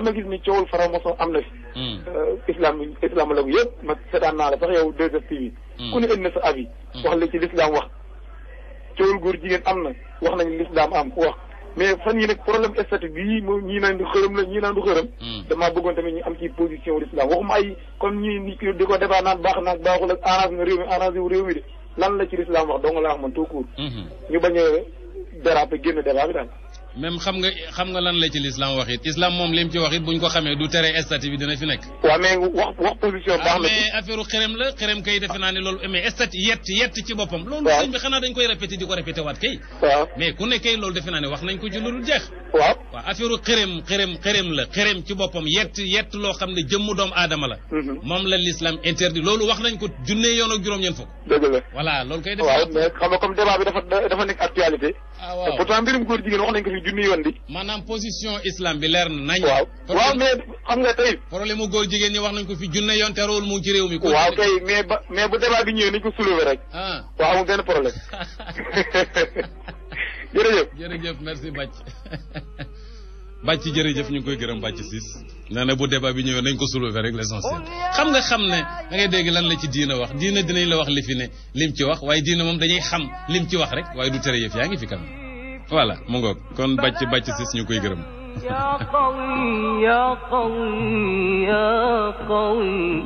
dama gis ni coowul franc-maçon am na fi. Hmm. Euh, islam islam la yëpp ma seetaan naa la sax yow 2STV. Hmm. ku ne indi na sa avis. Hmm. wax la ci l'islam wax. coowul góor jigéen am na wax nañu l'islam am wax mais fan yi nag problème statut bii moom ñii naan du xërëm la ñii naan du xërëm. damaa bëggoon tamit ñu am ci position l'islam waxuma ay comme ñii di ko defaa naan baax naag baaxul ak arrange na réew mi arrange wu réew mi de lan la ci l'islam wax dong laa wax man tout court. ñu bañ a déraper génn débat bi même xam nga xam nga lan la ci l'islam wax it islam mom lim ci wax it buñ ko xamé du tere estati bi dina fi nek wa mais wax wax position baax la mais affaireu xerem la xerem kay defe naa lolou loolu mais statut yett yett ci bopam lolou loolu sëñ bi xana dañ koy répété diko ko répété waat kay. mais ku ne kay loolu defe naa wax nañ ko ci lolou jeex. wa affaireu affaire xerem xerem xerem la xerem ci bopam yett yett lo xamné jëm doom doomu la. mom la l'islam interdit lolou wax nañ ko junne yoon ak juroom ñen fukk. deug la voilà lolou kay. def wa mais xam nga comme débat bi dafa dafa nek actualité a ah, pourtant mbirum góor jigéen wax nañ ko fi junni yoon di. maanaam position islam bi leer nañ. waaw waaw mais xam nga tey. problème mu góor jigéen ñi wax nañ ko fi junne yoon te rawul mu ci réew mi. waaw kay mais ba mais bu débat bi ñëwee nañ ko soulever rek. Ah. waaw amul benn problème jërëjëf. jërëjëf merci Bac. bàcc jërëjëf ñu ngi koy gërëm bàcc siis nee na bu débat bi ñëwee nañ ko soulever rek l'essentiel xam nga xam ne da ngay dégg lan la ci diina wax diina dinañ la wax li lim ci wax waaye diina moom dañuy xam lim ci wax rek waaye du tere yëf yaa ngi fi kan voilà mu ngoog kon bàcc bàcc siis ñu koy gërëm.